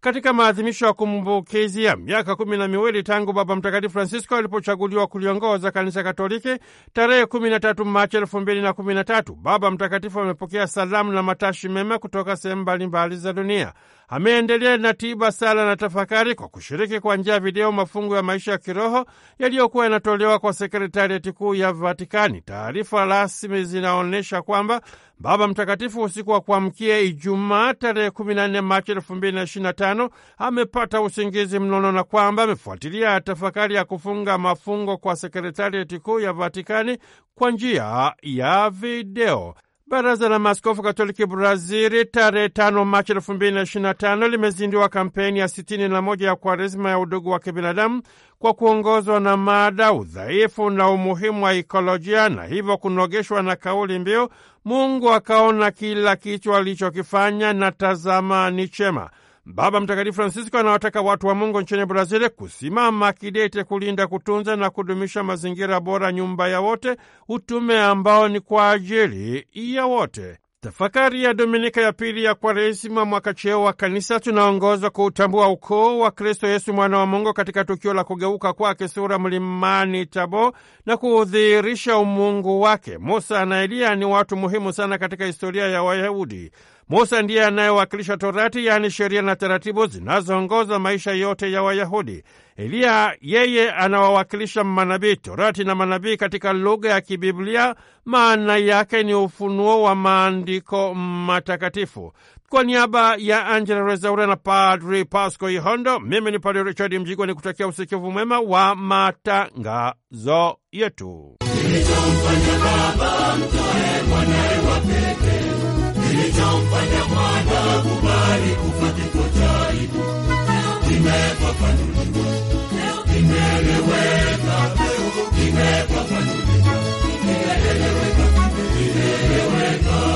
katika maadhimisho ya kumbukizi ya miaka kumi na miwili tangu Baba Mtakatifu Francisco alipochaguliwa kuliongoza kanisa Katoliki tarehe kumi na tatu Machi elfu mbili na kumi na tatu. Baba Mtakatifu amepokea salamu na matashi mema kutoka sehemu mbalimbali za dunia. Ameendelea na tiba, sala na tafakari kwa kushiriki kwa njia ya video mafungu ya maisha ya kiroho yaliyokuwa yanatolewa kwa sekretarieti kuu ya Vatikani. Taarifa rasmi zinaonyesha kwamba Baba Mtakatifu usiku wa kuamkia Ijumaa tarehe 14 Machi 2025 amepata usingizi mnono na kwamba amefuatilia tafakari ya kufunga mafungo kwa sekretarieti kuu ya Vatikani kwa njia ya video. Baraza la Maaskofu Katoliki Brazili tarehe tano Machi elfu mbili na ishirini na tano limezindua kampeni ya sitini na moja ya Kwaresima ya udugu wa kibinadamu kwa kuongozwa na mada udhaifu na umuhimu wa ikolojia, na hivyo kunogeshwa na kauli mbiu Mungu akaona kila kitu alichokifanya na tazama ni chema. Baba Mtakatifu Francisco anawataka watu wa Mungu nchini Brazili kusimama kidete kulinda, kutunza na kudumisha mazingira bora, nyumba ya wote, utume ambao ni kwa ajili ya wote. Tafakari ya Dominika ya pili ya Kwaresima mwaka cheo wa Kanisa tunaongozwa kuutambua ukoo wa Kristo Yesu mwana wa Mungu katika tukio la kugeuka kwake sura mlimani Tabo na kuudhihirisha umungu wake. Musa na Eliya ni watu muhimu sana katika historia ya Wayahudi. Musa ndiye anayewakilisha Torati, yaani sheria na taratibu zinazoongoza maisha yote ya Wayahudi. Eliya yeye anawawakilisha manabii. Torati na manabii katika lugha ya Kibiblia maana yake ni ufunuo wa maandiko matakatifu. Kwa niaba ya Angela Rezaura na Padri Pasco Ihondo, mimi ni Padri Richard Mjigwa ni kutakia usikivu mwema wa matangazo yetu kilichomfanya mwana kubali kufa kifo cha aibu kimefafanuliwa, kimeeleweka, kimefafanuliwa, kimeeleweka, kimeeleweka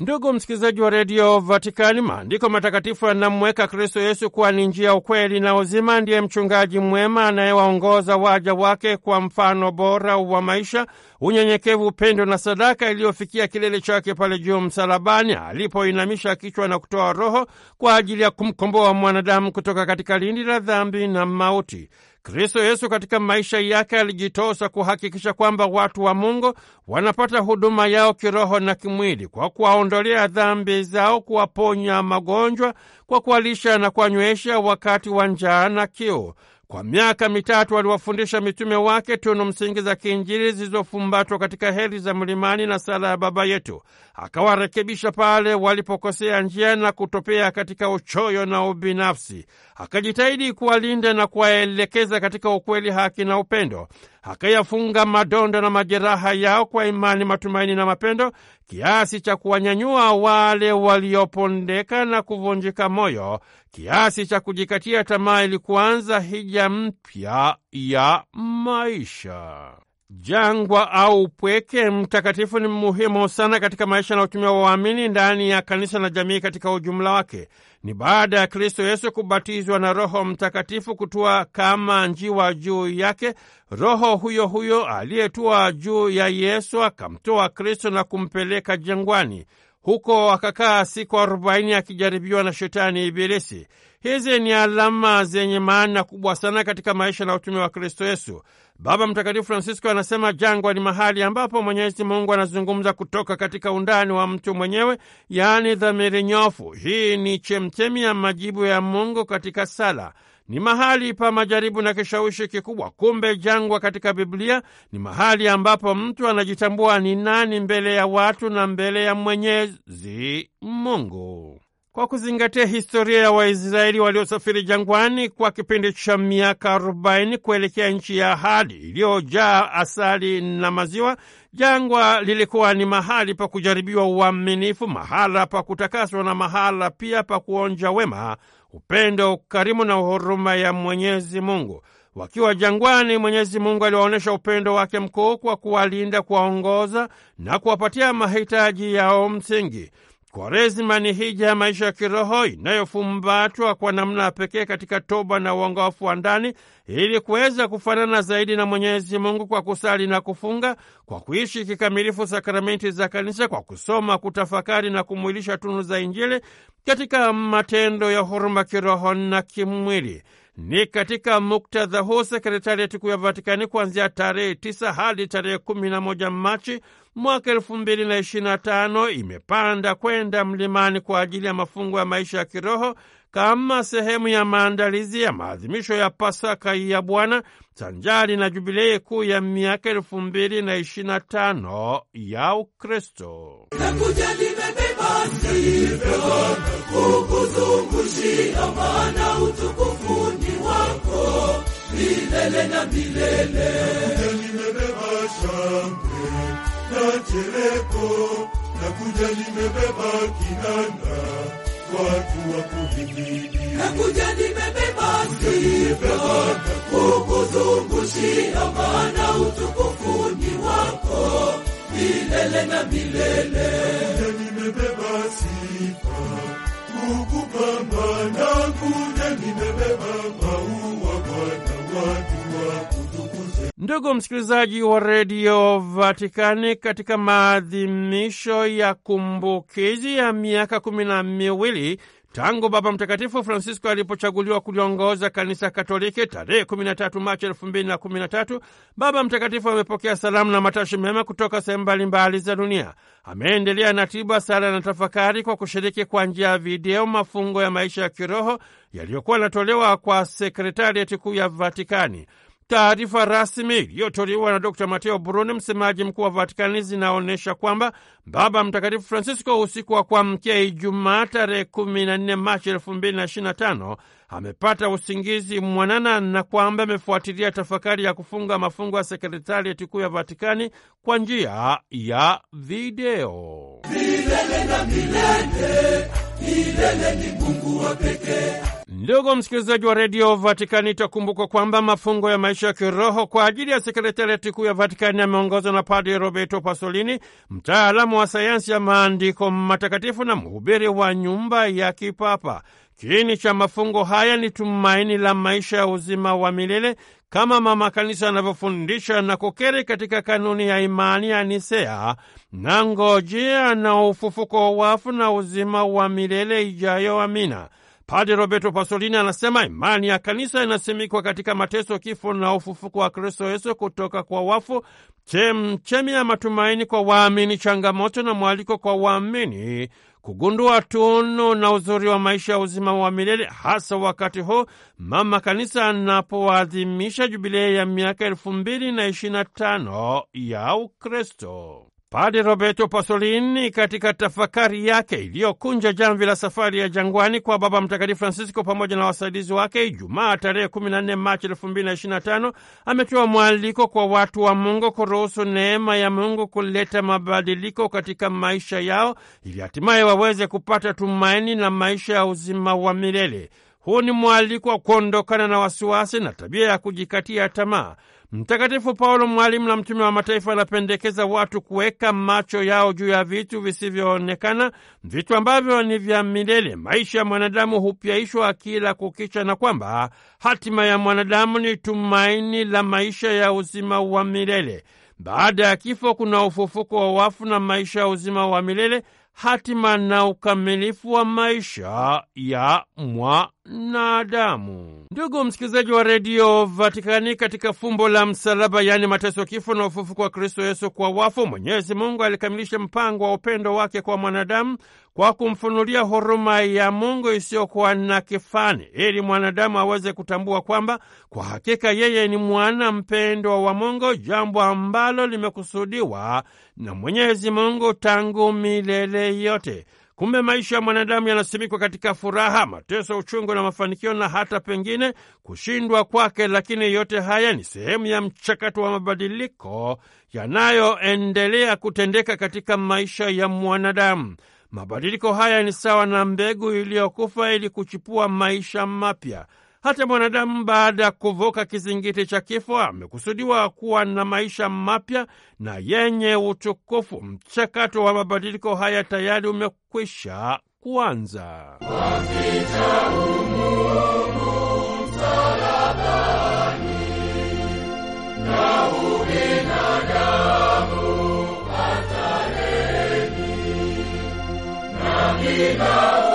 Ndugu msikilizaji wa redio Vatikani, maandiko matakatifu yanamweka Kristo Yesu kuwa ni njia, ukweli na uzima. Ndiye mchungaji mwema anayewaongoza waja wake kwa mfano bora wa maisha, unyenyekevu, upendo na sadaka iliyofikia kilele chake pale juu msalabani, alipoinamisha kichwa na kutoa roho kwa ajili ya kumkomboa mwanadamu kutoka katika lindi la dhambi na mauti. Kristo Yesu katika maisha yake alijitosa kuhakikisha kwamba watu wa Mungu wanapata huduma yao kiroho na kimwili, kwa kuwaondolea dhambi zao, kuwaponya magonjwa, kwa kuwalisha na kuwanywesha wakati wa njaa na kiu. Kwa miaka mitatu aliwafundisha mitume wake tunu msingi za kiinjili zilizofumbatwa katika heri za mlimani na sala ya Baba Yetu. Akawarekebisha pale walipokosea njia na kutopea katika uchoyo na ubinafsi akajitahidi kuwalinda na kuwaelekeza katika ukweli, haki na upendo, akayafunga madonda na majeraha yao kwa imani, matumaini na mapendo, kiasi cha kuwanyanyua wale waliopondeka na kuvunjika moyo, kiasi cha kujikatia tamaa ili kuanza hija mpya ya maisha. Jangwa au pweke mtakatifu ni muhimu sana katika maisha na utumia wa waamini ndani ya kanisa na jamii katika ujumla wake. Ni baada ya Kristo Yesu kubatizwa na Roho Mtakatifu kutua kama njiwa juu yake, Roho huyo huyo aliyetua juu ya Yesu akamtoa Kristo na kumpeleka jangwani. Huko akakaa siku arobaini akijaribiwa na shetani Ibilisi. Hizi ni alama zenye maana kubwa sana katika maisha na utume wa Kristo Yesu. Baba Mtakatifu Francisco anasema jangwa ni mahali ambapo Mwenyezi Mungu anazungumza kutoka katika undani wa mtu mwenyewe, yaani dhamiri nyofu. Hii ni chemchemi ya majibu ya Mungu katika sala ni mahali pa majaribu na kishawishi kikubwa. Kumbe jangwa katika Biblia ni mahali ambapo mtu anajitambua ni nani mbele ya watu na mbele ya Mwenyezi Mungu kwa kuzingatia historia ya Waisraeli waliosafiri jangwani kwa kipindi cha miaka 40 kuelekea nchi ya ahadi iliyojaa asali na maziwa. Jangwa lilikuwa ni mahali pa kujaribiwa uaminifu, mahala pa kutakaswa na mahala pia pa kuonja wema, upendo, karimu na huruma ya Mwenyezi Mungu. Wakiwa jangwani, Mwenyezi Mungu aliwaonyesha upendo wake mkuu kwa kuwalinda, kuwaongoza na kuwapatia mahitaji yao msingi. Kwaresima ni hija ya maisha ya kiroho inayofumbatwa kwa namna ya pekee katika toba na uongofu wa ndani ili kuweza kufanana zaidi na Mwenyezi Mungu kwa kusali na kufunga, kwa kuishi kikamilifu sakramenti za Kanisa, kwa kusoma, kutafakari na kumwilisha tunu za Injili katika matendo ya huruma kiroho na kimwili. Ni katika muktadha huu sekretarieti kuu ya Vatikani kuanzia tarehe tisa hadi tarehe kumi na moja Machi mwaka elfu mbili na ishirini na tano imepanda kwenda mlimani kwa ajili ya mafungo ya maisha ya kiroho kama sehemu ya maandalizi ya maadhimisho ya Pasaka ya Bwana sanjari na jubilei kuu ya miaka elfu mbili na ishirini na tano ya Ukristo. Nakuja kukuzungushia maana milele na milele. Nimebeba shangwe na chereko, nakuja nimebeba kinanda, watu wa kuhimidi. Nakuja nimebeba sifa kukuzungushia, maana utukufu ni wako milele na milele. Nimebeba sifa kukupamba, nakuja nimebeba Ndugu msikilizaji wa redio Vatikani, katika maadhimisho ya kumbukizi ya miaka kumi na miwili Tangu Baba Mtakatifu Francisco alipochaguliwa kuliongoza kanisa Katoliki tarehe 13 Machi 2013, Baba Mtakatifu amepokea salamu na matashi mema kutoka sehemu mbalimbali za dunia. Ameendelea na tiba, sala na tafakari kwa kushiriki kwa njia ya video mafungo ya maisha ya kiroho yaliyokuwa yanatolewa kwa sekretarieti kuu ya Vatikani. Taarifa rasmi iliyotolewa na Dr Mateo Bruni, msemaji mkuu wa Vatikani, zinaonyesha kwamba Baba Mtakatifu Francisco usiku wa kuamkia Ijumaa tarehe 14 Machi 2025 amepata usingizi mwanana na kwamba amefuatilia tafakari ya kufunga mafungo ya sekretarieti kuu ya Vatikani kwa njia ya video. Milele na milele, milele ni Mungu wa pekee Ndugu msikilizaji wa redio Vatikani, itakumbukwa kwamba mafungo ya maisha ya kiroho kwa ajili ya sekretarieti kuu ya Vatikani yameongozwa na Padre Roberto Pasolini, mtaalamu wa sayansi ya maandiko matakatifu na mhubiri wa nyumba ya kipapa. Kiini cha mafungo haya ni tumaini la maisha ya uzima wa milele kama Mama Kanisa anavyofundisha na kukiri katika kanuni ya imani ya Nisea na ngojea na ufufuko wa wafu na uzima wa milele ijayo. Amina. Padre Roberto Pasolini anasema imani ya kanisa inasimikwa katika mateso, kifo na ufufuko wa Kristo Yesu kutoka kwa wafu, chemchemi ya matumaini kwa waamini, changamoto na mwaliko kwa waamini kugundua tunu na uzuri wa maisha ya uzima wa milele hasa wakati huu mama kanisa anapoadhimisha jubilei ya miaka elfu mbili na ishirini na tano ya Ukristo. Padre Roberto Pasolini katika tafakari yake iliyokunja jamvi la safari ya jangwani kwa Baba Mtakatifu Francisco pamoja na wasaidizi wake Ijumaa tarehe 14 Machi 2025 ametoa mwaliko kwa watu wa Mungu kuruhusu neema ya Mungu kuleta mabadiliko katika maisha yao ili hatimaye waweze kupata tumaini na maisha ya uzima wa milele. Huu ni mwaliko wa kuondokana na wasiwasi na tabia ya kujikatia tamaa. Mtakatifu Paulo, mwalimu na mtume wa mataifa, anapendekeza watu kuweka macho yao juu ya vitu visivyoonekana, vitu ambavyo ni vya milele. Maisha ya mwanadamu hupyaishwa kila kukicha, na kwamba hatima ya mwanadamu ni tumaini la maisha ya uzima wa milele. Baada ya kifo kuna ufufuko wa wafu na maisha ya uzima wa milele hatima na ukamilifu wa maisha ya mwanadamu. Ndugu msikilizaji wa redio Vatikani, katika fumbo la msalaba, yaani mateso, kifo na ufufuko wa Kristo Yesu kwa wafu, Mwenyezi Mungu alikamilisha mpango wa upendo wake kwa mwanadamu kwa kumfunulia huruma ya Mungu isiyokuwa na kifani, ili mwanadamu aweze kutambua kwamba kwa hakika yeye ni mwana mpendwa wa Mungu, jambo ambalo limekusudiwa na Mwenyezi Mungu tangu milele yote. Kumbe maisha ya mwanadamu yanasimikwa katika furaha, mateso, uchungu na mafanikio na hata pengine kushindwa kwake, lakini yote haya ni sehemu ya mchakato wa mabadiliko yanayoendelea kutendeka katika maisha ya mwanadamu. Mabadiliko haya ni sawa na mbegu iliyokufa ili kuchipua maisha mapya. Hata mwanadamu baada ya kuvuka kizingiti cha kifo amekusudiwa kuwa na maisha mapya na yenye utukufu. Mchakato wa mabadiliko haya tayari umekwisha kuanza. Happy Valley.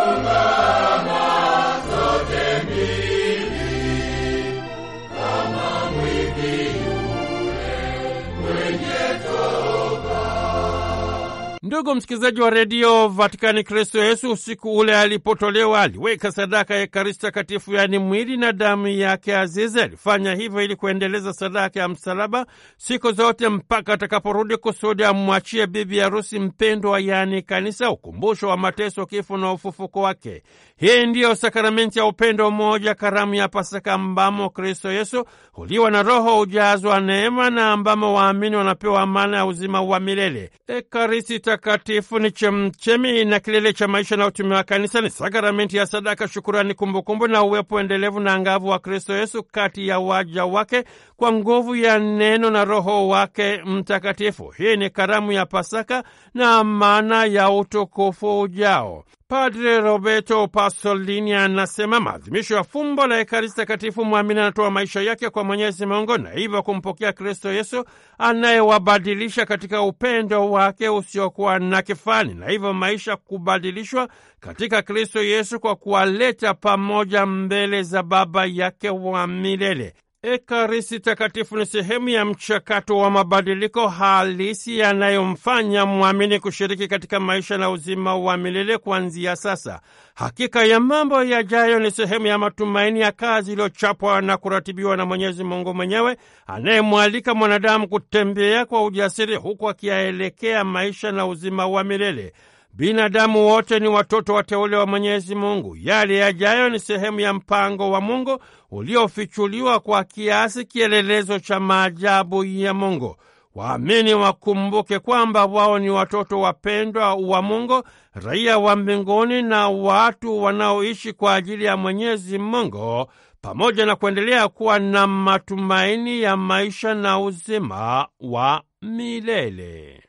Ndugu msikilizaji wa redio Vatikani, Kristo Yesu usiku ule alipotolewa aliweka sadaka ya Ekaristi Takatifu, yaani mwili na damu yake azizi. Alifanya hivyo ili kuendeleza sadaka ya msalaba siku zote mpaka atakaporudi, kusudi amwachie bibi harusi mpendwa, yaani kanisa, ukumbusho wa mateso, kifo na ufufuko wake. Hii ndiyo sakramenti ya upendo mmoja, karamu ya Pasaka, ambamo Kristo Yesu huliwa na Roho, hujazwa neema na ambamo waamini wanapewa amana ya uzima wa milele. Ekaristi Mtakatifu ni chemchemi na kilele cha maisha na utume wa Kanisa. Ni sakramenti ya sadaka, shukurani, kumbukumbu na uwepo endelevu na angavu wa Kristo Yesu kati ya waja wake kwa nguvu ya neno na Roho wake Mtakatifu. Hii ni karamu ya Pasaka na maana ya utukufu ujao. Padre Roberto Pasolini anasema maadhimisho ya fumbo la Ekaristi Takatifu, mwamini anatoa maisha yake kwa Mwenyezi Mungu na hivyo kumpokea Kristo Yesu anayewabadilisha katika upendo wake usiokuwa na kifani, na hivyo maisha kubadilishwa katika Kristo Yesu kwa kuwaleta pamoja mbele za Baba yake wa milele. Ekaristi takatifu ni sehemu ya mchakato wa mabadiliko halisi yanayomfanya mwamini kushiriki katika maisha na uzima wa milele kuanzia sasa. Hakika ya mambo yajayo ni sehemu ya matumaini ya kazi iliyochapwa na kuratibiwa na Mwenyezi Mungu mwenyewe anayemwalika mwanadamu kutembea kwa ujasiri, huku akiyaelekea maisha na uzima wa milele. Binadamu wote ni watoto wateule wa Mwenyezi Mungu. Yale yajayo ni sehemu ya mpango wa Mungu uliofichuliwa kwa kiasi kielelezo cha maajabu ya Mungu. Waamini wakumbuke kwamba wao ni watoto wapendwa wa Mungu, raia wa mbinguni na watu wanaoishi kwa ajili ya Mwenyezi Mungu, pamoja na kuendelea kuwa na matumaini ya maisha na uzima wa milele.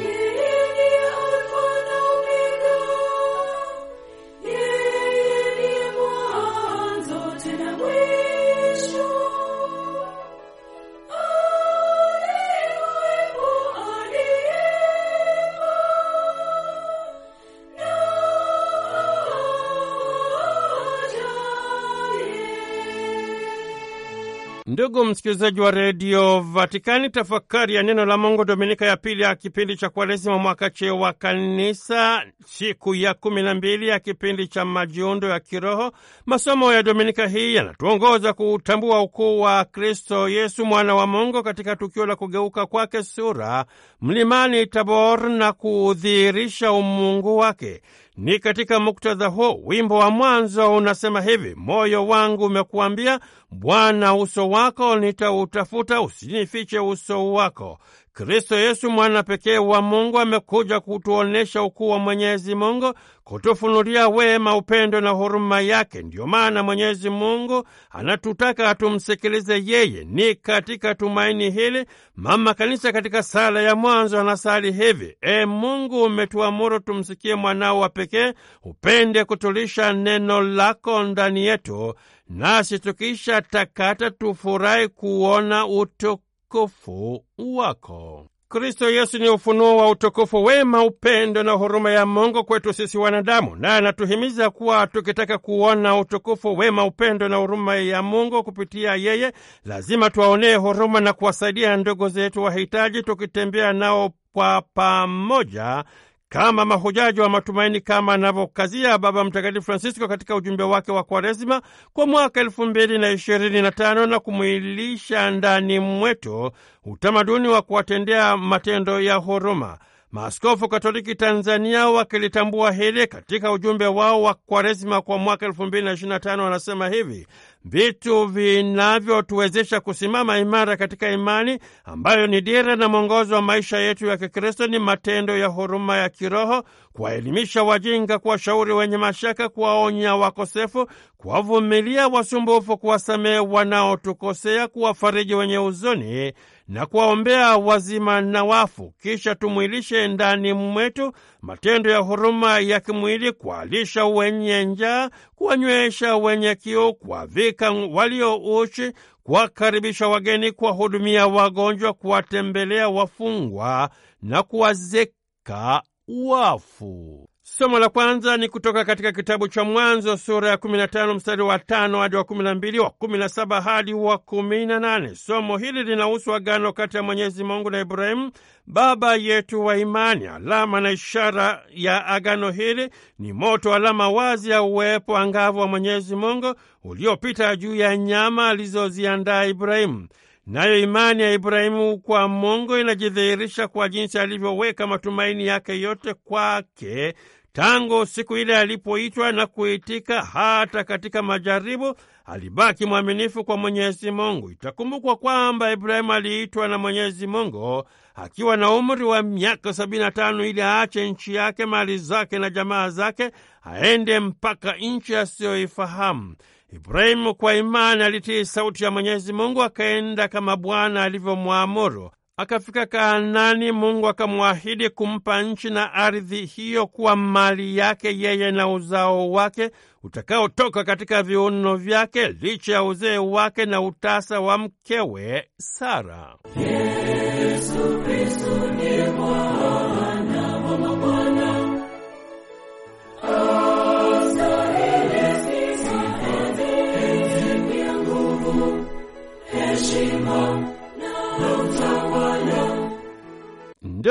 Ndugu msikilizaji wa redio Vatikani, tafakari ya neno la Mungu, dominika ya pili ya kipindi cha Kwaresima mwaka C wa Kanisa, siku ya kumi na mbili ya kipindi cha majiundo ya kiroho. Masomo ya dominika hii yanatuongoza kuutambua ukuu wa Kristo Yesu mwana wa Mungu katika tukio la kugeuka kwake sura mlimani Tabor na kuudhihirisha umungu wake. Ni katika muktadha huo wimbo wa mwanzo unasema hivi: moyo wangu umekuambia Bwana, uso wako nitautafuta, usinifiche uso wako. Kristo Yesu mwana pekee wa Mungu amekuja kutuonesha ukuu wa Mwenyezi Mungu, kutufunulia wema, upendo na huruma yake. Ndiyo maana Mwenyezi Mungu anatutaka tumsikilize yeye. Ni katika tumaini hili mama kanisa katika sala ya mwanzo anasali hivi: E Mungu, umetuamuru tumsikie mwanao wa pekee, upende kutulisha neno lako ndani yetu, nasi tukisha takata tufurahi kuona utukufu utukufu wako. Kristo Yesu ni ufunuo wa utukufu, wema, upendo na huruma ya Mungu kwetu sisi wanadamu, naye anatuhimiza kuwa tukitaka kuona utukufu, wema, upendo na huruma ya Mungu kupitia yeye, lazima tuwaonee huruma na kuwasaidia ndugu zetu wahitaji, tukitembea nao kwa pamoja kama mahujaji wa matumaini kama anavyokazia Baba Mtakatifu Francisco katika ujumbe wake wa Kwaresima kwa mwaka elfu mbili na ishirini na tano na kumwilisha ndani mwetu utamaduni wa kuwatendea matendo ya huruma. Maaskofu Katoliki Tanzania wakilitambua hili katika ujumbe wao wa Kwaresima kwa mwaka 2025 wanasema hivi: vitu vinavyotuwezesha kusimama imara katika imani ambayo ni dira na mwongozo wa maisha yetu ya Kikristo ni matendo ya huruma ya kiroho, kuwaelimisha wajinga, kuwashauri wenye mashaka, kuwaonya wakosefu, kuwavumilia wasumbufu, kuwasamehe wanaotukosea, kuwafariji wenye huzuni na kuwaombea wazima na wafu, kisha tumwilishe ndani mwetu matendo ya huruma ya kimwili, kuwalisha wenye njaa, kuwanywesha wenye kiu, kuwavika walio uchi, kuwakaribisha wageni, kuwahudumia wagonjwa, kuwatembelea wafungwa na kuwazika wafu. Somo la kwanza ni kutoka katika kitabu cha Mwanzo sura ya 15 mstari wa tano hadi wa 12, wa 17 hadi wa 18. Somo hili linahusu agano kati ya Mwenyezi Mungu na Ibrahimu baba yetu wa imani. Alama na ishara ya agano hili ni moto, alama wazi ya uwepo angavu wa Mwenyezi Mungu uliopita juu ya nyama alizoziandaa Ibrahimu. Nayo imani ya Ibrahimu kwa Mungu inajidhihirisha kwa jinsi alivyoweka matumaini yake yote kwake Tangu siku ile alipoitwa na kuitika hata katika majaribu, alibaki mwaminifu kwa Mwenyezi Mungu. Itakumbukwa kwamba Ibrahimu aliitwa na Mwenyezi Mungu akiwa na umri wa miaka sabini na tano ili aache nchi yake, mali zake na jamaa zake, aende mpaka nchi asiyoifahamu. Ibrahimu kwa imani alitii sauti ya Mwenyezi Mungu, akaenda kama Bwana alivyomwamuru akafika Kaanani, Mungu akamwahidi kumpa nchi na ardhi hiyo kuwa mali yake yeye na uzao wake utakaotoka katika viuno vyake, licha ya uzee wake na utasa wa mkewe Sara. Yesu ni Bwana.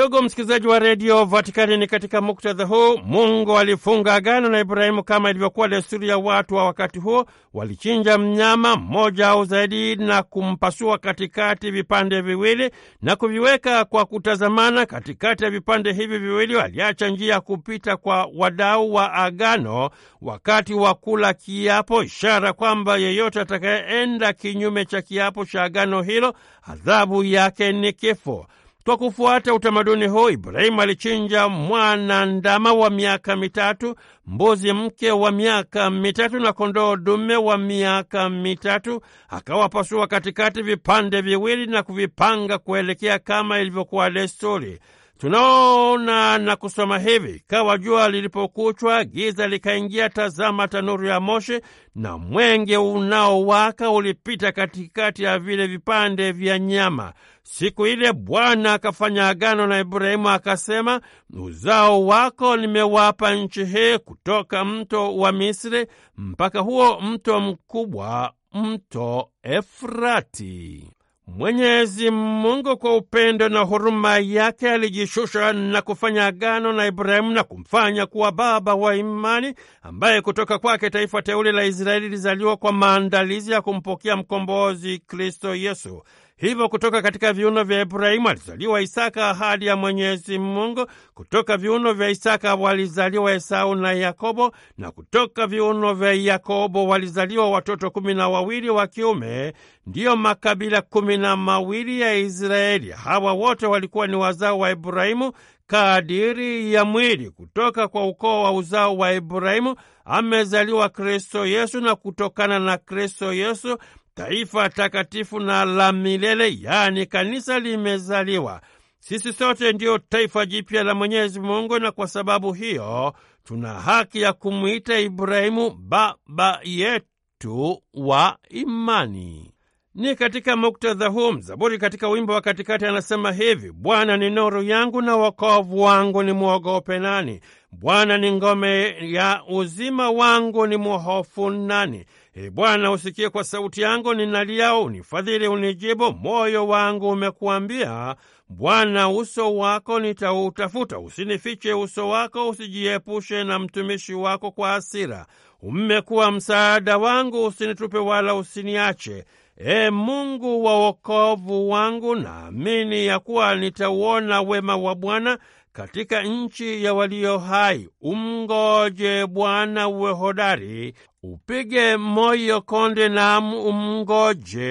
Ndugu msikilizaji wa redio Vatikani, ni katika muktadha huu Mungu alifunga agano na Ibrahimu kama ilivyokuwa desturi ya watu wa wakati huo, walichinja mnyama mmoja au zaidi na kumpasua katikati vipande viwili na kuviweka kwa kutazamana. Katikati ya vipande hivi viwili waliacha njia ya kupita kwa wadau wa agano wakati wa kula kiapo, ishara kwamba yeyote atakayeenda kinyume cha kiapo cha agano hilo adhabu yake ni kifo. Kwa kufuata utamaduni huu, Ibrahimu alichinja mwana ndama wa miaka mitatu, mbuzi mke wa miaka mitatu na kondoo dume wa miaka mitatu, akawapasua katikati vipande viwili na kuvipanga kuelekea kama ilivyokuwa desturi. Tunaona na kusoma hivi: ikawa jua lilipokuchwa, giza likaingia, tazama tanuru ya moshi na mwenge unaowaka ulipita katikati ya vile vipande vya nyama. Siku ile Bwana akafanya agano na Ibrahimu akasema, uzao wako nimewapa nchi hii, kutoka mto wa Misri mpaka huo mto mkubwa, mto Efrati. Mwenyezi Mungu kwa upendo na huruma yake alijishusha na kufanya agano na Ibrahimu na kumfanya kuwa baba wa imani ambaye kutoka kwake taifa teule la Israeli lizaliwa kwa maandalizi ya kumpokea mkombozi Kristo Yesu. Hivyo kutoka katika viuno vya Ibrahimu alizaliwa Isaka, ahadi ya Mwenyezi Mungu. Kutoka viuno vya Isaka walizaliwa Esau na Yakobo, na kutoka viuno vya Yakobo walizaliwa watoto kumi na wawili wa kiume, ndiyo makabila kumi na mawili ya Israeli. Hawa wote walikuwa ni wazao wa Ibrahimu kadiri ya mwili. Kutoka kwa ukoo wa uzao wa Ibrahimu amezaliwa Kristo Yesu, na kutokana na Kristo Yesu taifa takatifu na la milele, yaani kanisa limezaliwa. Sisi sote ndiyo taifa jipya la Mwenyezi Mungu, na kwa sababu hiyo tuna haki ya kumwita Ibrahimu baba yetu wa imani. Ni katika muktadha huu mzaburi katika wimbo wa katikati anasema hivi: Bwana ni nuru yangu na wokovu wangu, ni mwogope nani? Bwana ni ngome ya uzima wangu, ni mhofu nani? E Bwana, usikie kwa sauti yangu ninalia, unifadhili, unijibu. Moyo wangu umekuambia Bwana, uso wako nitautafuta. Usinifiche uso wako, usijiepushe na mtumishi wako kwa hasira. Umekuwa msaada wangu, usinitupe wala usiniache. E Mungu wa wokovu wangu, naamini ya kuwa nitauona wema wa Bwana katika nchi ya walio hai. Umngoje Bwana, uwe hodari, Upige moyo konde, nam umngoje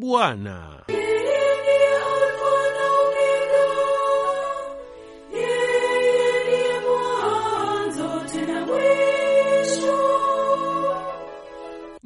Bwana.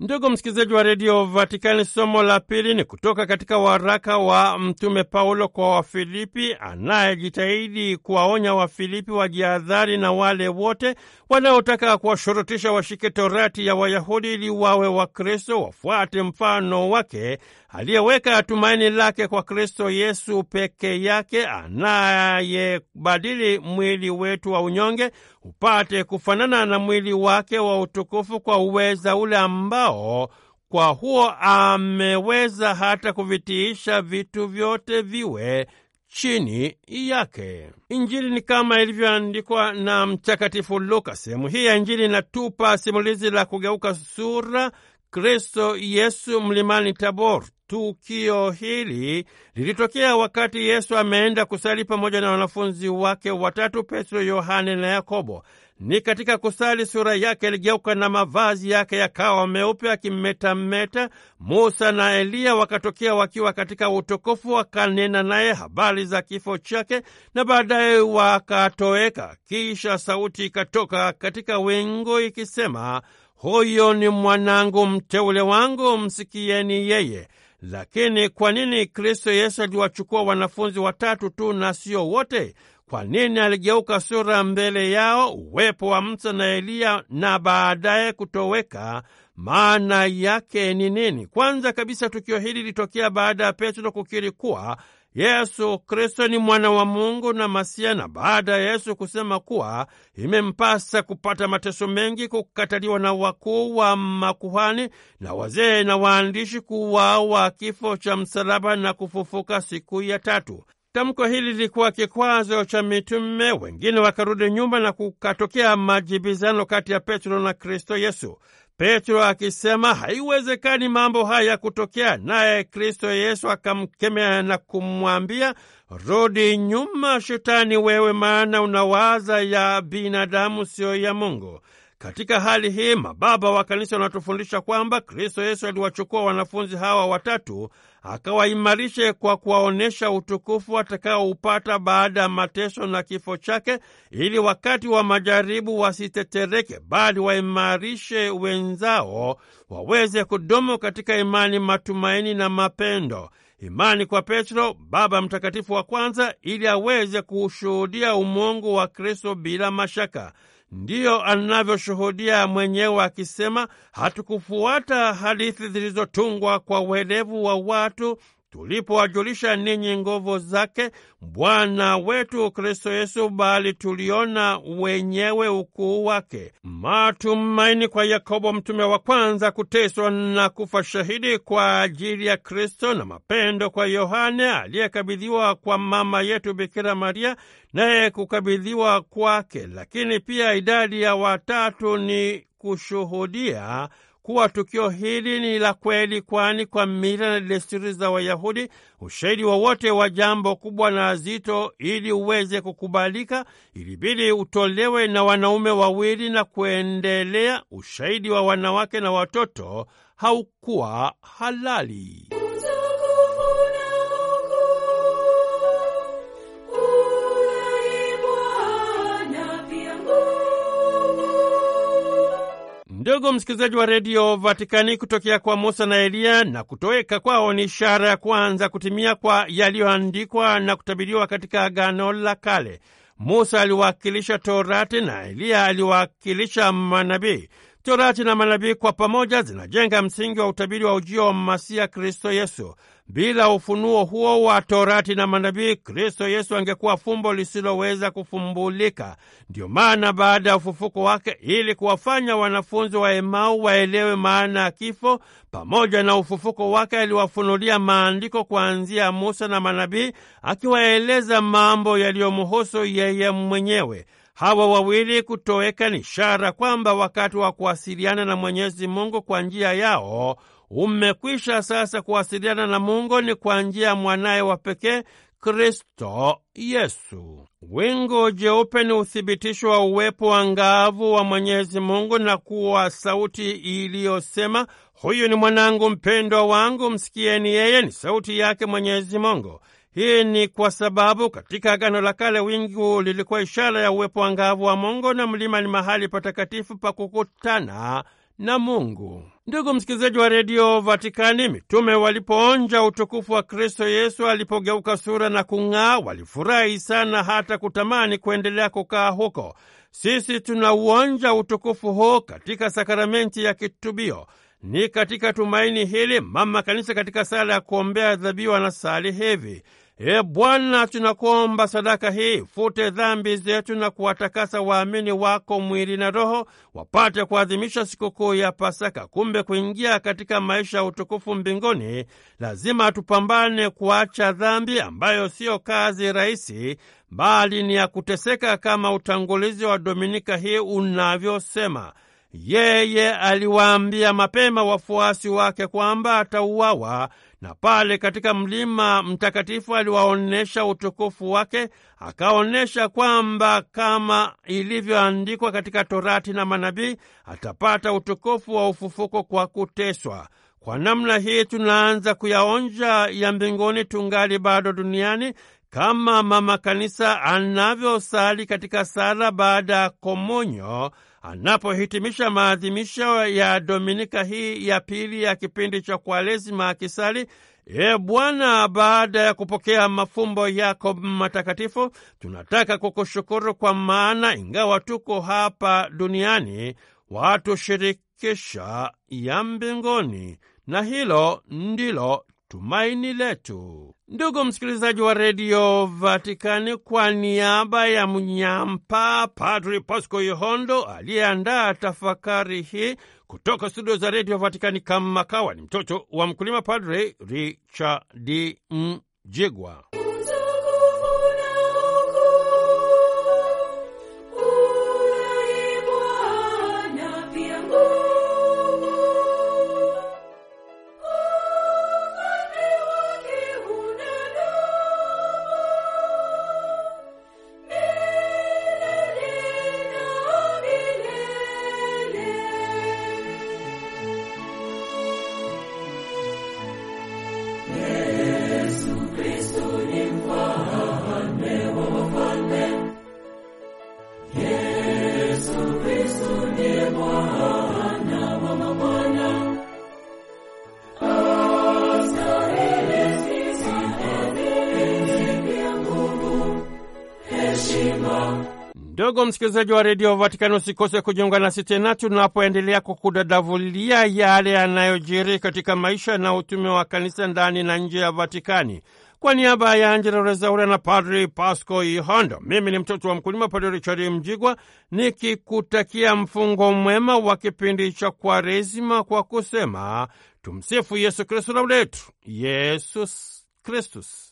Ndugu msikilizaji wa redio Vatikani, somo la pili ni kutoka katika waraka wa Mtume Paulo kwa Wafilipi, anayejitahidi kuwaonya Wafilipi wajiadhari na wale wote wanaotaka kuwashurutisha washike torati ya Wayahudi ili wawe Wakristo, wafuate mfano wake aliyeweka tumaini lake kwa Kristo Yesu peke yake, anayebadili mwili wetu wa unyonge upate kufanana na mwili wake wa utukufu kwa uweza ule ambao kwa huo ameweza hata kuvitiisha vitu vyote viwe chini yake. Injili ni kama ilivyoandikwa na Mtakatifu Luka. Sehemu hii ya Injili inatupa simulizi la kugeuka sura Kristo Yesu mlimani Tabor. Tukio hili lilitokea wakati Yesu ameenda kusali pamoja na wanafunzi wake watatu, Petro, Yohane na Yakobo. Ni katika kusali, sura yake iligeuka na mavazi yake yakawa meupe, akimetameta. Musa na Eliya wakatokea wakiwa katika utukufu, wakanena naye habari za kifo chake, na baadaye wakatoweka. Kisha sauti ikatoka katika wingu ikisema, huyo ni mwanangu mteule wangu, msikieni yeye. Lakini kwa nini Kristo Yesu aliwachukua wanafunzi watatu tu na sio wote? Kwa nini aligeuka sura mbele yao, uwepo wa Musa na Eliya na baadaye kutoweka? Maana yake ni nini? Kwanza kabisa, tukio hili lilitokea baada ya Petro kukiri kuwa Yesu Kristo ni mwana wa Mungu na Masia. Na baada ya Yesu kusema kuwa imempasa kupata mateso mengi, kukataliwa na wakuu wa makuhani na wazee na waandishi, kuwawa kifo cha msalaba na kufufuka siku ya tatu, Tamko hili lilikuwa kikwazo cha mitume, wengine wakarudi nyumba na kukatokea majibizano kati ya Petro na Kristo Yesu. Petro akisema haiwezekani mambo haya kutokea, naye Kristo Yesu akamkemea na kumwambia, rudi nyuma Shetani wewe, maana unawaza ya binadamu, siyo ya Mungu. Katika hali hii, mababa wa kanisa wanatufundisha kwamba Kristo Yesu aliwachukua wanafunzi hawa watatu akawaimarishe kwa kuwaonyesha utukufu atakaoupata baada ya mateso na kifo chake, ili wakati wa majaribu wasitetereke, bali waimarishe wenzao waweze kudumu katika imani, matumaini na mapendo. Imani kwa Petro, baba mtakatifu wa kwanza, ili aweze kuushuhudia umungu wa Kristo bila mashaka ndiyo anavyoshuhudia mwenyewe akisema, hatukufuata hadithi zilizotungwa kwa uelevu wa watu tulipowajulisha ninyi nguvu zake Bwana wetu Kristo Yesu, bali tuliona wenyewe ukuu wake. Matumaini kwa Yakobo mtume wa kwanza kuteswa na kufa shahidi kwa ajili ya Kristo, na mapendo kwa Yohane aliyekabidhiwa kwa mama yetu Bikira Maria naye kukabidhiwa kwake. Lakini pia idadi ya watatu ni kushuhudia kuwa tukio hili ni la kweli, kwani kwa mila na desturi za Wayahudi ushahidi wowote wa, wa jambo kubwa na zito ili uweze kukubalika ilibidi utolewe na wanaume wawili na kuendelea. Ushahidi wa wanawake na watoto haukuwa halali. ndogo msikilizaji wa redio Vatikani, kutokea kwa Musa na Eliya na kutoweka kwao ni ishara ya kwanza kutimia kwa yaliyoandikwa na kutabiriwa katika Agano la Kale. Musa aliwakilisha Torati na Eliya aliwakilisha manabii. Torati na manabii kwa pamoja zinajenga msingi wa utabiri wa ujio wa Masiya Kristo Yesu. Bila ufunuo huo wa Torati na manabii, Kristo Yesu angekuwa fumbo lisiloweza kufumbulika. ndio maana baada ya ufufuko wake, ili kuwafanya wanafunzi wa Emau waelewe maana ya kifo pamoja na ufufuko wake, aliwafunulia maandiko kuanzia Musa na manabii, akiwaeleza mambo yaliyomhusu yeye mwenyewe. Hawa wawili kutoweka ni ishara kwamba wakati wa kuwasiliana na Mwenyezi Mungu kwa njia yao umekwisha sasa kuwasiliana na Mungu ni kwa njia ya mwanaye wa pekee Kristo Yesu. Wingu jeupe ni uthibitisho wa uwepo wa ngavu wa Mwenyezi Mungu na kuwa sauti iliyosema, huyu ni mwanangu mpendwa wangu, msikieni yeye, ni sauti yake Mwenyezi Mungu. Hii ni kwa sababu katika Agano la Kale wingu lilikuwa ishara ya uwepo ngavu wa Mungu na mlima ni mahali patakatifu pa kukutana na Mungu. Ndugu msikilizaji wa redio Vatikani, mitume walipoonja utukufu wa Kristo Yesu, alipogeuka sura na kung'aa, walifurahi sana hata kutamani kuendelea kukaa huko. Sisi tunauonja utukufu huu katika sakramenti ya kitubio. Ni katika tumaini hili mama kanisa katika sala ya kuombea dhabihu anasali hivi: E Bwana, tunakuomba sadaka hii fute dhambi zetu na kuwatakasa waamini wako mwili na roho, wapate kuadhimisha sikukuu ya Pasaka. Kumbe kuingia katika maisha ya utukufu mbinguni, lazima tupambane kuacha dhambi, ambayo siyo kazi rahisi, bali ni ya kuteseka, kama utangulizi wa dominika hii unavyosema. Yeye aliwaambia mapema wafuasi wake kwamba atauawa na pale katika mlima mtakatifu aliwaonyesha utukufu wake, akaonyesha kwamba kama ilivyoandikwa katika Torati na manabii, atapata utukufu wa ufufuko kwa kuteswa. Kwa namna hii tunaanza kuyaonja ya mbinguni tungali bado duniani, kama mama kanisa anavyosali katika sala baada ya komonyo anapohitimisha maadhimisho ya Dominika hii ya pili ya kipindi cha Kwaresima akisali: E Bwana, baada ya kupokea mafumbo yako matakatifu, tunataka kukushukuru kwa maana ingawa tuko hapa duniani, watushirikisha ya mbinguni, na hilo ndilo tumaini letu. Ndugu msikilizaji wa redio Vatikani, kwa niaba ya mnyampa Padri Pasco Yohondo aliyeandaa tafakari hii kutoka studio za redio Vatikani, kama kawa ni mtoto wa mkulima, Padri Richard Mjigwa. Ndugu msikilizaji wa redio Vatikani, usikose kujiunga nasi tena tunapoendelea kukudadavulia yale yanayojiri katika maisha na utume wa kanisa ndani na nje ya Vatikani. Kwa niaba ya Angela Rezaura na Padri Pasco Ihondo, mimi ni mtoto wa mkulima Padri Richard Mjigwa, nikikutakia mfungo mwema wa kipindi cha Kwaresima kwa kusema tumsifu Yesu Kristu, lauletu Yesus Kristus.